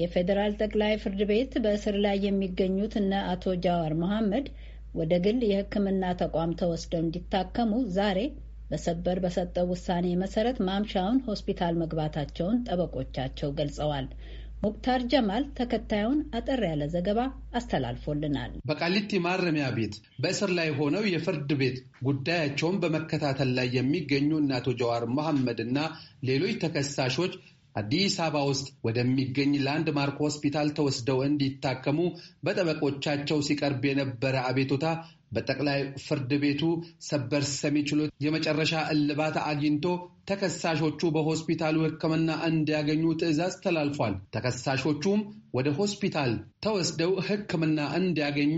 የፌዴራል ጠቅላይ ፍርድ ቤት በእስር ላይ የሚገኙት እነ አቶ ጃዋር መሐመድ ወደ ግል የሕክምና ተቋም ተወስደው እንዲታከሙ ዛሬ በሰበር በሰጠው ውሳኔ መሰረት ማምሻውን ሆስፒታል መግባታቸውን ጠበቆቻቸው ገልጸዋል። ሙክታር ጀማል ተከታዩን አጠር ያለ ዘገባ አስተላልፎልናል። በቃሊቲ ማረሚያ ቤት በእስር ላይ ሆነው የፍርድ ቤት ጉዳያቸውን በመከታተል ላይ የሚገኙ እነ አቶ ጀዋር መሐመድ እና ሌሎች ተከሳሾች አዲስ አበባ ውስጥ ወደሚገኝ ላንድማርክ ሆስፒታል ተወስደው እንዲታከሙ በጠበቆቻቸው ሲቀርብ የነበረ አቤቱታ በጠቅላይ ፍርድ ቤቱ ሰበር ሰሚ ችሎት የመጨረሻ እልባት አግኝቶ ተከሳሾቹ በሆስፒታሉ ሕክምና እንዲያገኙ ትዕዛዝ ተላልፏል። ተከሳሾቹም ወደ ሆስፒታል ተወስደው ሕክምና እንዲያገኙ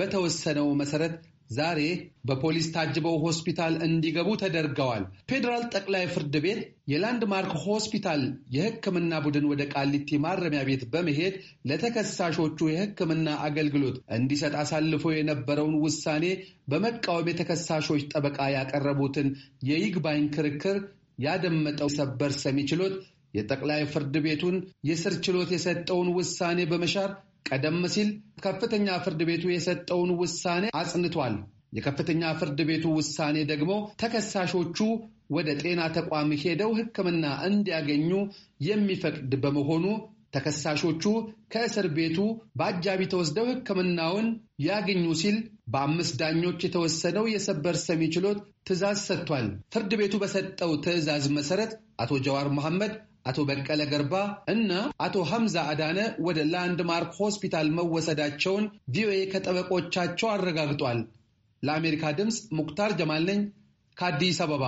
በተወሰነው መሰረት ዛሬ በፖሊስ ታጅበው ሆስፒታል እንዲገቡ ተደርገዋል። ፌዴራል ጠቅላይ ፍርድ ቤት የላንድማርክ ሆስፒታል የሕክምና ቡድን ወደ ቃሊቲ ማረሚያ ቤት በመሄድ ለተከሳሾቹ የሕክምና አገልግሎት እንዲሰጥ አሳልፎ የነበረውን ውሳኔ በመቃወም የተከሳሾች ጠበቃ ያቀረቡትን የይግባኝ ክርክር ያደመጠው ሰበር ሰሚ ችሎት የጠቅላይ ፍርድ ቤቱን የስር ችሎት የሰጠውን ውሳኔ በመሻር ቀደም ሲል ከፍተኛ ፍርድ ቤቱ የሰጠውን ውሳኔ አጽንቷል። የከፍተኛ ፍርድ ቤቱ ውሳኔ ደግሞ ተከሳሾቹ ወደ ጤና ተቋም ሄደው ሕክምና እንዲያገኙ የሚፈቅድ በመሆኑ ተከሳሾቹ ከእስር ቤቱ በአጃቢ ተወስደው ሕክምናውን ያገኙ ሲል በአምስት ዳኞች የተወሰነው የሰበር ሰሚ ችሎት ትዕዛዝ ሰጥቷል። ፍርድ ቤቱ በሰጠው ትዕዛዝ መሰረት አቶ ጀዋር መሐመድ አቶ በቀለ ገርባ እና አቶ ሐምዛ አዳነ ወደ ላንድማርክ ሆስፒታል መወሰዳቸውን ቪኦኤ ከጠበቆቻቸው አረጋግጧል። ለአሜሪካ ድምፅ ሙክታር ጀማል ነኝ ከአዲስ አበባ።